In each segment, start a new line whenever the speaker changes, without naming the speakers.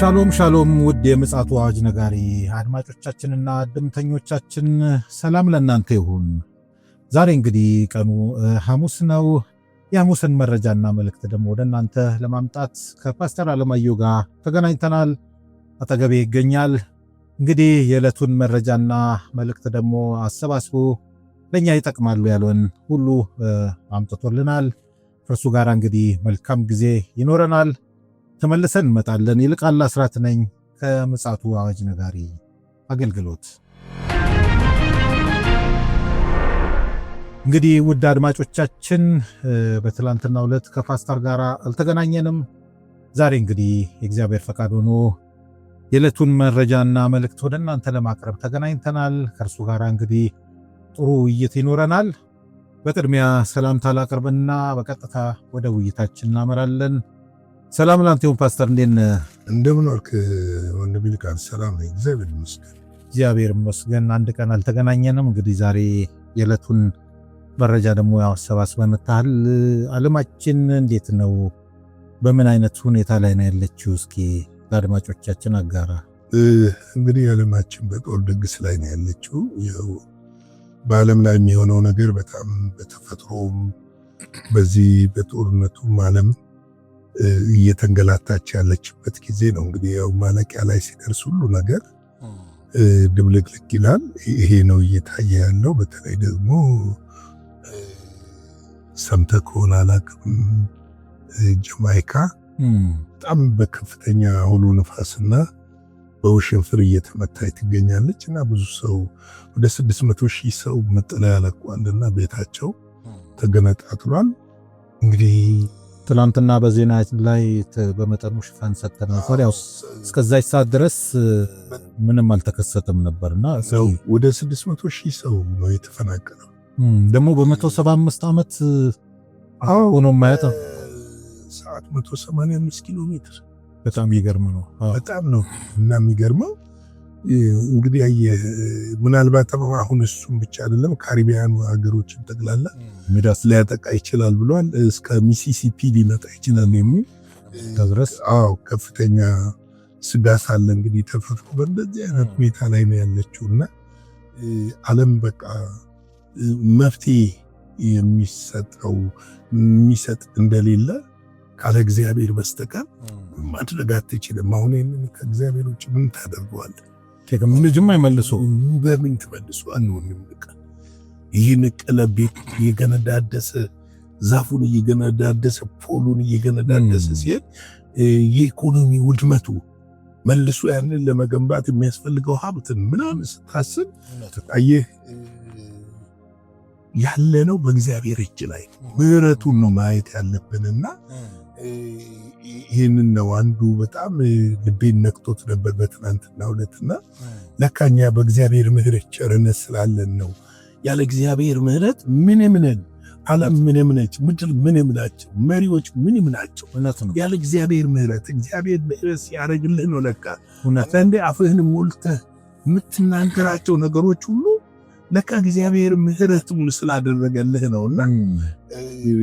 ሻሎም ሻሎም ውድ የምፅዓቱ አዋጅ ነጋሪ አድማጮቻችንና ድምተኞቻችን ሰላም ለእናንተ ይሁን። ዛሬ እንግዲህ ቀኑ ሐሙስ ነው። የሐሙስን መረጃና መልእክት ደግሞ ወደ እናንተ ለማምጣት ከፓስተር አለማየሁ ጋር ተገናኝተናል። አጠገቤ ይገኛል። እንግዲህ የዕለቱን መረጃና መልእክት ደግሞ አሰባስቦ ለእኛ ይጠቅማሉ ያለውን ሁሉ አምጥቶልናል። ከእርሱ ጋር እንግዲህ መልካም ጊዜ ይኖረናል። ተመልሰን እንመጣለን። ይልቃል አስራት ነኝ ከምፅዓቱ አዋጅ ነጋሪ አገልግሎት። እንግዲህ ውድ አድማጮቻችን በትላንትና ዕለት ከፓስተር ጋር አልተገናኘንም። ዛሬ እንግዲህ የእግዚአብሔር ፈቃድ ሆኖ የዕለቱን መረጃና መልእክት ወደ እናንተ ለማቅረብ ተገናኝተናል። ከእርሱ ጋር እንግዲህ ጥሩ ውይይት ይኖረናል። በቅድሚያ ሰላምታ ላቅርብና በቀጥታ ወደ ውይይታችን እናመራለን። ሰላም ላንተ ይሁን ፓስተር፣ እንዴን
እንደምን ዋልክ ይልቃል? ሰላም ነኝ፣ እግዚአብሔር ይመስገን።
እግዚአብሔር ይመስገን። አንድ ቀን አልተገናኘንም። እንግዲህ ዛሬ የዕለቱን መረጃ ደግሞ አሰባስበን መታህል። አለማችን እንዴት ነው? በምን አይነት ሁኔታ ላይ ነው ያለችው? እስኪ ለአድማጮቻችን አጋራ።
እንግዲህ የዓለማችን በጦር ድግስ ላይ ነው ያለችው። ያው በዓለም ላይ የሚሆነው ነገር በጣም በተፈጥሮም በዚህ በጦርነቱም ዓለም እየተንገላታች ያለችበት ጊዜ ነው። እንግዲህ ያው ማለቂያ ላይ ሲደርስ ሁሉ ነገር ድብልቅልቅ ይላል። ይሄ ነው እየታየ ያለው። በተለይ ደግሞ ሰምተህ ከሆነ አላቅም፣ ጀማይካ በጣም በከፍተኛ አውሎ ነፋስና በውሽንፍር እየተመታች ትገኛለች እና ብዙ ሰው ወደ ስድስት መቶ ሺህ ሰው መጠለያ ለቋልና ቤታቸው ተገነጣጥሏል
እንግዲህ ትላንትና በዜና ላይ በመጠኑ ሽፋን ሰጥተን ነበር። ያው እስከዛች ሰዓት ድረስ ምንም አልተከሰተም ነበርና
ወደ 600 ሺህ ሰው ነው የተፈናቀለው።
ደግሞ በ175 ዓመት ሆኖ ማየት
ሰዓት 185 ኪሎ ሜትር
በጣም ይገርም ነው።
በጣም ነው እና የሚገርመው እንግዲህ አየ ምናልባት አሁን እሱም ብቻ አይደለም ካሪቢያኑ ሀገሮችን ጠቅላላ
ሜዳስ ሊያጠቃ ይችላል ብሏል። እስከ ሚሲሲፒ ሊመጣ ይችላል የሚል
አዎ ከፍተኛ ስጋት አለ። እንግዲህ ተፈጥሮ በእንደዚህ አይነት ሁኔታ ላይ ነው ያለችው እና ዓለም በቃ መፍትሄ የሚሰጠው የሚሰጥ እንደሌለ ካለ እግዚአብሔር በስተቀር ማድረግ አትችልም። አሁን ይህንን ከእግዚአብሔር ውጭ ምን ታደርገዋለን? ልጅም አይመልሰው በምን ትመልሱ አንሆንም። በቃ እየነቀለ ቤት እየገነዳደሰ ዛፉን እየገነዳደሰ ፖሉን እየገነዳደሰ ሲሄድ የኢኮኖሚ ውድመቱ መልሶ ያንን ለመገንባት የሚያስፈልገው ሀብትን ምናምን ስታስብ አየህ ያለነው በእግዚአብሔር እጅ ላይ ምሕረቱን ነው ማየት ያለብንና ይህንን ነው አንዱ በጣም ልቤን ነክቶት ነበር በትናንትና ሁለትና ለካኛ በእግዚአብሔር ምሕረት ቸርነት ስላለን ነው። ያለ እግዚአብሔር ምሕረት ምንም ነን። ዓለም ምንም ነች። ምድር ምንም ናቸው። መሪዎች ምንም ናቸው። ያለ እግዚአብሔር ምሕረት እግዚአብሔር ምሕረት ሲያደርግልህ ነው ለካ እንደ አፍህን ሞልተህ የምትናገራቸው ነገሮች ሁሉ ለካ እግዚአብሔር ምሕረቱን ስላደረገልህ ነውና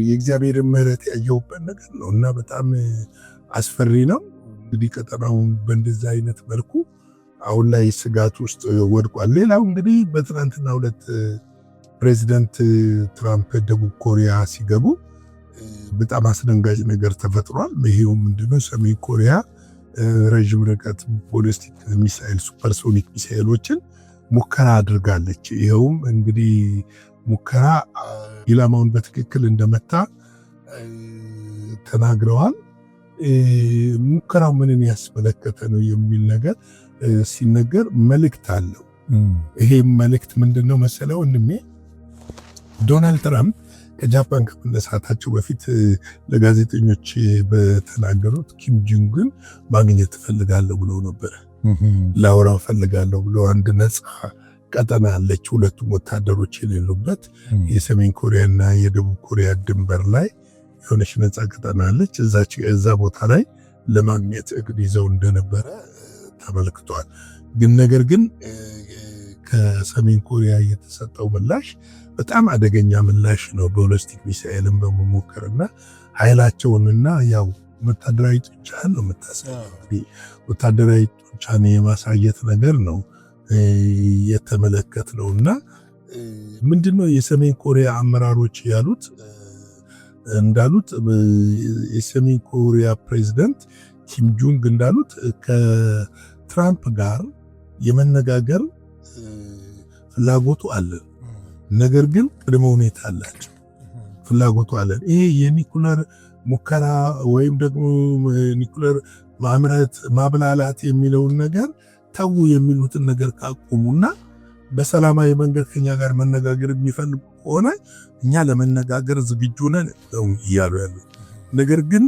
የእግዚአብሔር ምሕረት ያየሁበት ነገር ነው እና በጣም አስፈሪ ነው። እንግዲህ ቀጠናውን በእንደዛ አይነት መልኩ አሁን ላይ ስጋት ውስጥ ወድቋል። ሌላው እንግዲህ በትናንትና ሁለት ፕሬዚደንት ትራምፕ ደቡብ ኮሪያ ሲገቡ በጣም አስደንጋጭ ነገር ተፈጥሯል። ይሄው ምንድነው ሰሜን ኮሪያ ረዥም ርቀት ቦሊስቲክ ሚሳይል ሱፐርሶኒክ ሚሳይሎችን ሙከራ አድርጋለች። ይኸውም እንግዲህ ሙከራ ኢላማውን በትክክል እንደመታ ተናግረዋል። ሙከራው ምንን ያስመለከተ ነው የሚል ነገር ሲነገር መልእክት አለው። ይሄ መልእክት ምንድን ነው መሰለው? እንሜ ዶናልድ ትራምፕ ከጃፓን ከመነሳታቸው በፊት ለጋዜጠኞች በተናገሩት ኪም ጆንግን ማግኘት እፈልጋለሁ ብለው ነበረ። ላውራ ፈልጋለሁ ብሎ አንድ ነፃ ቀጠና አለች፣ ሁለቱም ወታደሮች የሌሉበት የሰሜን ኮሪያና የደቡብ ኮሪያ ድንበር ላይ የሆነች ነፃ ቀጠና አለች። እዛ ቦታ ላይ ለማግኘት እቅድ ይዘው እንደነበረ ተመልክቷል። ግን ነገር ግን ከሰሜን ኮሪያ የተሰጠው ምላሽ በጣም አደገኛ ምላሽ ነው። ቦሊስቲክ ሚሳኤልን በመሞከርና ኃይላቸውንና ያው ወታደራዊ ጡንቻህን ነው የምታሳየው። ወታደራዊ ጡንቻን የማሳየት ነገር ነው የተመለከት ነው። እና ምንድነው የሰሜን ኮሪያ አመራሮች ያሉት እንዳሉት የሰሜን ኮሪያ ፕሬዚደንት ኪም ጁንግ እንዳሉት ከትራምፕ ጋር የመነጋገር ፍላጎቱ አለን፣ ነገር ግን ቅድመ ሁኔታ አላቸው። ፍላጎቱ አለን ይሄ የኒኩለር ሙከራ ወይም ደግሞ ኒኩለር ማምረት ማብላላት የሚለውን ነገር ተዉ የሚሉትን ነገር ካቆሙና በሰላማዊ መንገድ ከኛ ጋር መነጋገር የሚፈልጉ ከሆነ እኛ ለመነጋገር ዝግጁ ነን እያሉ ያሉ። ነገር ግን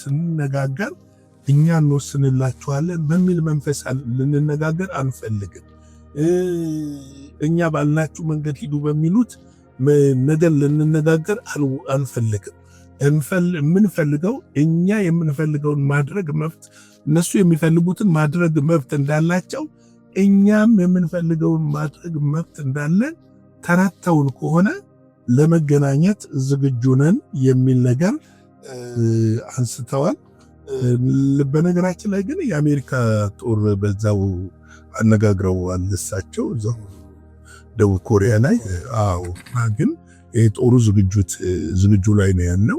ስንነጋገር እኛ እንወስንላችኋለን በሚል መንፈስ ልንነጋገር አንፈልግም። እኛ ባልናችሁ መንገድ ሂዱ በሚሉት ነገር ልንነጋገር አንፈልግም። የምንፈልገው እኛ የምንፈልገውን ማድረግ መብት እነሱ የሚፈልጉትን ማድረግ መብት እንዳላቸው እኛም የምንፈልገውን ማድረግ መብት እንዳለን ተረተውን ከሆነ ለመገናኘት ዝግጁ ነን የሚል ነገር አንስተዋል። በነገራችን ላይ ግን የአሜሪካ ጦር በዛው አነጋግረው አልሳቸው እዛው ደቡብ ኮሪያ ላይ አዎ፣ ግን የጦሩ ዝግጁት ዝግጁ ላይ ነው ያለው።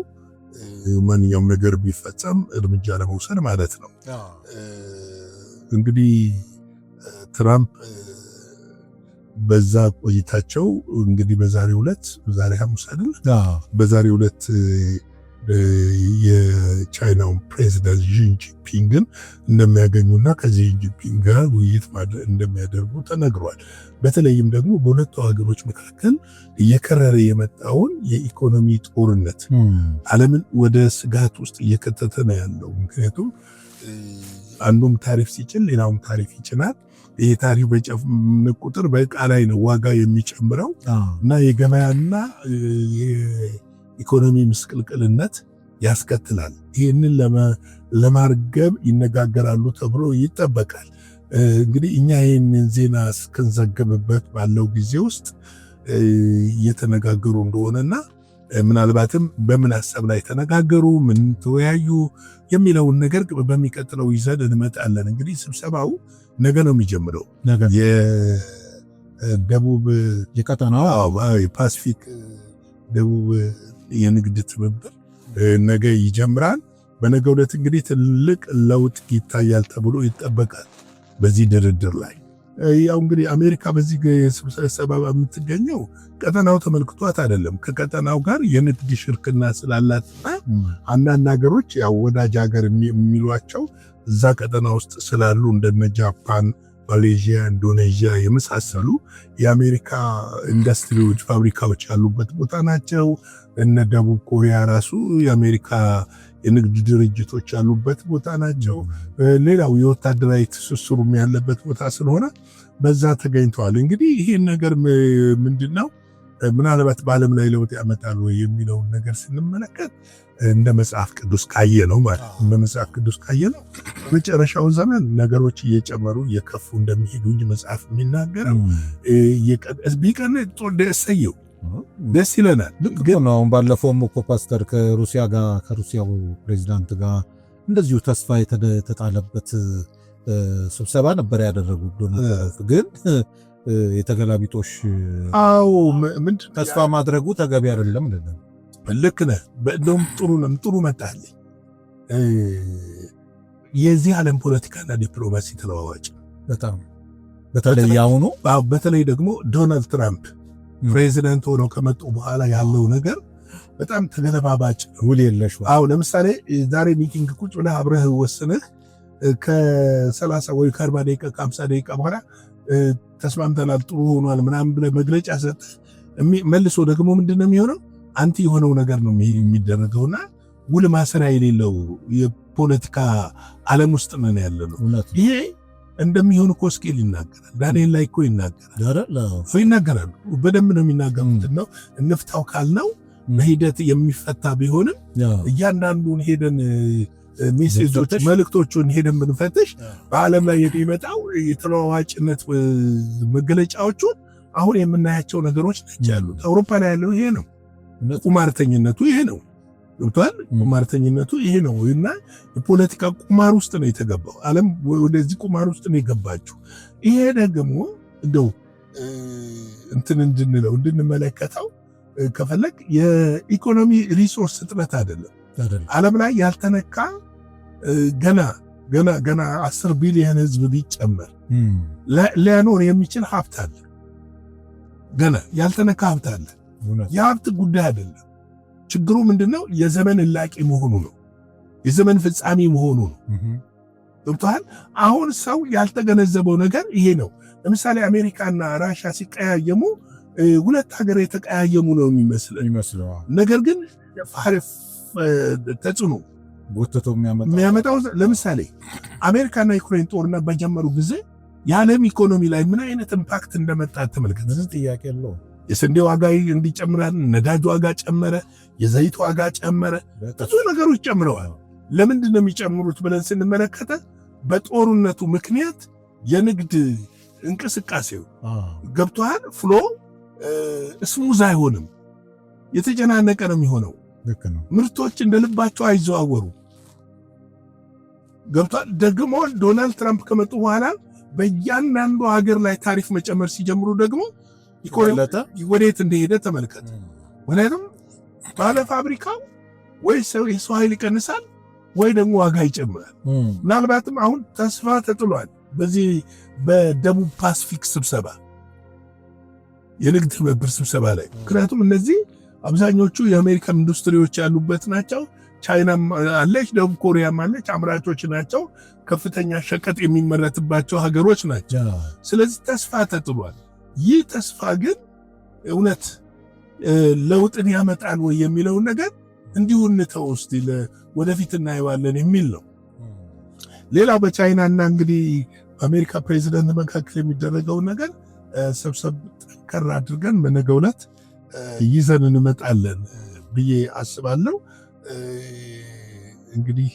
ማንኛውም ነገር ቢፈጸም እርምጃ ለመውሰድ ማለት ነው። እንግዲህ ትራምፕ በዛ ቆይታቸው እንግዲህ በዛሬ ሁለት በዛሬ ሐሙስ አይደል? በዛሬ ሁለት የቻይናውን ፕሬዚዳንት ዢንጂንፒንግን እንደሚያገኙና ከዚህ ዢንጂንፒንግ ጋር ውይይት እንደሚያደርጉ ተነግሯል። በተለይም ደግሞ በሁለቱ ሀገሮች መካከል እየከረረ የመጣውን የኢኮኖሚ ጦርነት ዓለምን ወደ ስጋት ውስጥ እየከተተ ነው ያለው። ምክንያቱም አንዱም ታሪፍ ሲጭን ሌላውም ታሪፍ ይጭናል። ይህ ታሪፍ በጨመረ ቁጥር በእቃ ላይ ነው ዋጋ የሚጨምረው እና የገበያና ኢኮኖሚ ምስቅልቅልነት ያስከትላል። ይህንን ለማርገብ ይነጋገራሉ ተብሎ ይጠበቃል። እንግዲህ እኛ ይህንን ዜና እስክንዘገብበት ባለው ጊዜ ውስጥ እየተነጋገሩ እንደሆነና ምናልባትም በምን ሀሳብ ላይ ተነጋገሩ፣ ምን ተወያዩ የሚለውን ነገር በሚቀጥለው ይዘን እንመጣለን። እንግዲህ ስብሰባው ነገ ነው የሚጀምረው የደቡብ
የቀጠናው
ፓስፊክ ደቡብ የንግድ ትብብር ነገ ይጀምራል። በነገ ዕለት እንግዲህ ትልቅ ለውጥ ይታያል ተብሎ ይጠበቃል። በዚህ ድርድር ላይ ያው እንግዲህ አሜሪካ በዚህ ስብሰባ የምትገኘው ቀጠናው ተመልክቷት አይደለም። ከቀጠናው ጋር የንግድ ሽርክና ስላላትና አንዳንድ ሀገሮች ያው ወዳጅ ሀገር የሚሏቸው እዛ ቀጠና ውስጥ ስላሉ እንደነ ጃፓን ማሌዥያ፣ ኢንዶኔዥያ የመሳሰሉ የአሜሪካ ኢንዱስትሪዎች ፋብሪካዎች ያሉበት ቦታ ናቸው። እነ ደቡብ ኮሪያ ራሱ የአሜሪካ የንግድ ድርጅቶች ያሉበት ቦታ ናቸው። ሌላው የወታደራዊ ትስስሩም ያለበት ቦታ ስለሆነ በዛ ተገኝተዋል። እንግዲህ ይህን ነገር ምንድን ነው ምናልባት በዓለም ላይ ለውጥ ያመጣል ወይ የሚለውን ነገር ስንመለከት እንደ መጽሐፍ ቅዱስ ካየ ነው ማለት እንደ መጽሐፍ ቅዱስ ካየ ነው በመጨረሻው ዘመን ነገሮች እየጨመሩ እየከፉ እንደሚሄዱ እንጂ መጽሐፍ የሚናገረው ቢቀን ደሰየው ደስ ይለናል።
ግን ባለፈውም እኮ ፓስተር ከሩሲያ ጋር ከሩሲያው ፕሬዚዳንት ጋር እንደዚሁ ተስፋ የተጣለበት ስብሰባ ነበር ያደረጉት። ግን የተገላቢጦሽ
አዎ፣ ምንድ
ተስፋ ማድረጉ ተገቢ አይደለም።
ልክ ነህ። እንደውም ጥሩ ነው፣ ጥሩ መጣልኝ። የዚህ ዓለም ፖለቲካና ዲፕሎማሲ ተለዋዋጭ
በጣም በተለይ አሁኑ
በተለይ ደግሞ ዶናልድ ትራምፕ ፕሬዚደንት ሆኖ ከመጡ በኋላ ያለው ነገር በጣም ተገለባባጭ ውል የለሽ። አዎ ለምሳሌ ዛሬ ሚቲንግ ቁጭ ብለህ አብረህ ወስንህ ከ30 ወይ ከ40 ደቂቃ ከ50 ደቂቃ በኋላ ተስማምተናል፣ ጥሩ ሆኗል ምናምን ብለህ መግለጫ ሰጥ መልሶ ደግሞ ምንድነው የሚሆነው? አንቲ የሆነው ነገር ነው የሚደረገውና ውል ማሰሪያ የሌለው የፖለቲካ ዓለም ውስጥ ነን ያለ ነው። ይሄ እንደሚሆን እኮ ስኬል ይናገራል። ዳንኤል ላይ እኮ ይናገራል፣ ይናገራሉ። በደንብ ነው የሚናገሩት። ነው እንፍታው ካልነው በሂደት የሚፈታ ቢሆንም እያንዳንዱን ሄደን ሜሴጆች መልእክቶቹን ሄደን ምንፈትሽ በዓለም ላይ የሚመጣው የተለዋዋጭነት መገለጫዎቹን አሁን የምናያቸው ነገሮች ናቸው አውሮፓ ላይ ያለው ይሄ ነው። ቁማርተኝነቱ ይሄ ነው። ገብቷል። ቁማርተኝነቱ ይሄ ነው እና የፖለቲካ ቁማር ውስጥ ነው የተገባው። ዓለም ወደዚህ ቁማር ውስጥ ነው የገባችው። ይሄ ደግሞ እንደው እንትን እንድንለው እንድንመለከተው ከፈለግ የኢኮኖሚ ሪሶርስ እጥረት አይደለም። ዓለም ላይ ያልተነካ ገና ገና ገና አስር ቢሊየን ህዝብ ቢጨመር ሊያኖር የሚችል ሀብት አለ። ገና ያልተነካ ሀብት አለ። የሀብት ጉዳይ አይደለም። ችግሩ ምንድነው? የዘመን እላቂ መሆኑ ነው። የዘመን ፍጻሜ መሆኑ ነው። ገብቶሃል? አሁን ሰው ያልተገነዘበው ነገር ይሄ ነው። ለምሳሌ አሜሪካና ራሻ ሲቀያየሙ ሁለት ሀገር የተቀያየሙ ነው የሚመስለው። ነገር ግን ተጽዕኖ ጎትተው የሚያመጣው ለምሳሌ አሜሪካና ዩክሬን ጦርነት በጀመሩ ጊዜ የዓለም ኢኮኖሚ ላይ ምን አይነት ኢምፓክት እንደመጣ ተመልከት። ብዙ ጥያቄ ያለው የስንዴ ዋጋ እንዲጨምራል፣ ነዳጅ ዋጋ ጨመረ፣ የዘይት ዋጋ ጨመረ፣ ብዙ ነገሮች ጨምረዋል። ለምንድን ነው የሚጨምሩት ብለን ስንመለከተ በጦርነቱ ምክንያት የንግድ እንቅስቃሴው ገብቷል ፍሎ እስሙዝ አይሆንም፣ የተጨናነቀ ነው የሚሆነው። ምርቶች እንደ ልባቸው አይዘዋወሩም። ገብቷል። ደግሞ ዶናልድ ትራምፕ ከመጡ በኋላ በእያንዳንዱ ሀገር ላይ ታሪፍ መጨመር ሲጀምሩ ደግሞ ወዴት እንደሄደ ተመልከት። ምክንያቱም ባለ ፋብሪካው ወይ ሰው የሰው ኃይል ይቀንሳል ወይ ደግሞ ዋጋ ይጨምራል። ምናልባትም አሁን ተስፋ ተጥሏል። በዚህ በደቡብ ፓስፊክ ስብሰባ የንግድ ትብብር ስብሰባ ላይ ምክንያቱም እነዚህ አብዛኞቹ የአሜሪካን ኢንዱስትሪዎች ያሉበት ናቸው። ቻይናም አለች፣ ደቡብ ኮሪያም አለች። አምራቾች ናቸው። ከፍተኛ ሸቀጥ የሚመረትባቸው ሀገሮች ናቸው። ስለዚህ ተስፋ ተጥሏል። ይህ ተስፋ ግን እውነት ለውጥን ያመጣል ወይ የሚለውን ነገር እንዲሁ እንተው እስቲ ወደፊት እናየዋለን የሚል ነው። ሌላው በቻይና እንግዲህ በአሜሪካ ፕሬዚደንት መካከል የሚደረገውን ነገር ሰብሰብ ጠንከር አድርገን በነገ ዕለት ይዘን እንመጣለን ብዬ አስባለሁ። እንግዲህ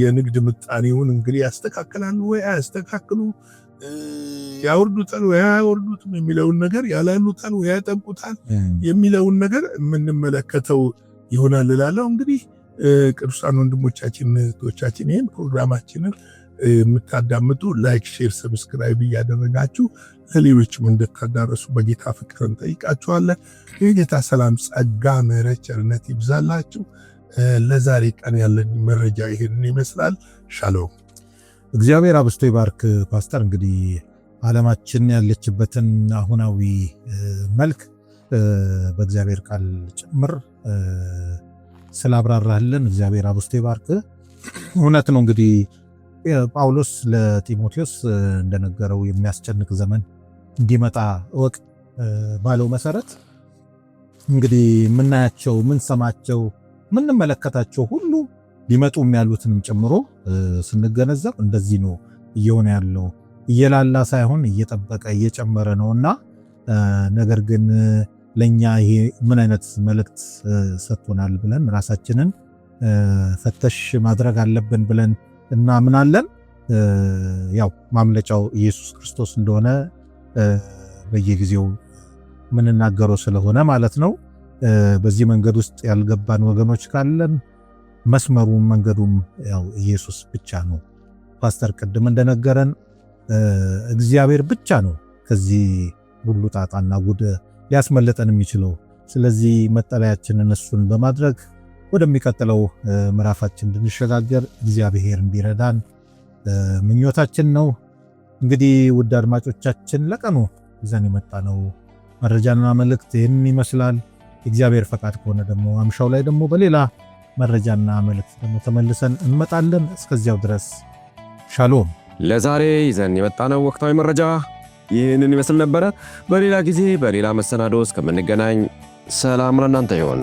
የንግድ ምጣኔውን እንግዲህ ያስተካክላሉ ወይ አያስተካክሉ፣ ያወርዱታል ወይ አያወርዱትም የሚለውን ነገር ያላሉታል ወይ ያጠብቁታል የሚለውን ነገር የምንመለከተው ይሆናል እላለሁ። እንግዲህ ቅዱሳን ወንድሞቻችን እህቶቻችን ይህን ፕሮግራማችንን የምታዳምጡ ላይክ፣ ሼር፣ ሰብስክራይብ እያደረጋችሁ ለሌሎችም እንድታዳረሱ በጌታ ፍቅር እንጠይቃችኋለን። የጌታ ሰላም፣ ጸጋ፣ ምሕረት፣ ቸርነት ይብዛላችሁ። ለዛሬ ቀን ያለን መረጃ ይሄንን ይመስላል። ሻሎም
እግዚአብሔር አብስቶ ይባርክ። ፓስተር እንግዲህ ዓለማችን ያለችበትን አሁናዊ መልክ በእግዚአብሔር ቃል ጭምር ስላብራራህልን እግዚአብሔር አብስቶ ይባርክ። እውነት ነው እንግዲህ ጳውሎስ ለጢሞቴዎስ እንደነገረው የሚያስጨንቅ ዘመን እንዲመጣ እወቅ ባለው መሰረት እንግዲህ የምናያቸው የምንሰማቸው የምንመለከታቸው ሁሉ ሊመጡም ያሉትንም ጨምሮ ስንገነዘብ እንደዚህ ነው እየሆነ ያለው። እየላላ ሳይሆን እየጠበቀ እየጨመረ ነውና ነገር ግን ለኛ ይሄ ምን አይነት መልእክት ሰጥቶናል ብለን ራሳችንን ፈተሽ ማድረግ አለብን ብለን እናምናለን። ያው ማምለጫው ኢየሱስ ክርስቶስ እንደሆነ በየጊዜው የምንናገረው ስለሆነ ማለት ነው። በዚህ መንገድ ውስጥ ያልገባን ወገኖች ካለን መስመሩም መንገዱም ያው ኢየሱስ ብቻ ነው። ፓስተር ቅድም እንደነገረን እግዚአብሔር ብቻ ነው ከዚህ ሁሉ ጣጣና ጉድ ሊያስመልጠን የሚችለው። ስለዚህ መጠለያችንን እሱን በማድረግ ወደሚቀጥለው ምዕራፋችን እንድንሸጋገር እግዚአብሔር እንዲረዳን ምኞታችን ነው። እንግዲህ ውድ አድማጮቻችን ለቀኑ ይዘን የመጣ ነው መረጃና መልእክት ይህን ይመስላል። የእግዚአብሔር ፈቃድ ከሆነ ደግሞ አምሻው ላይ ደግሞ በሌላ መረጃና መልእክት ደግሞ ተመልሰን እንመጣለን። እስከዚያው ድረስ ሻሎም።
ለዛሬ ይዘን የመጣነው ወቅታዊ መረጃ ይህንን ይመስል ነበረ። በሌላ ጊዜ በሌላ መሰናዶ እስከምንገናኝ ሰላም ለእናንተ ይሆን።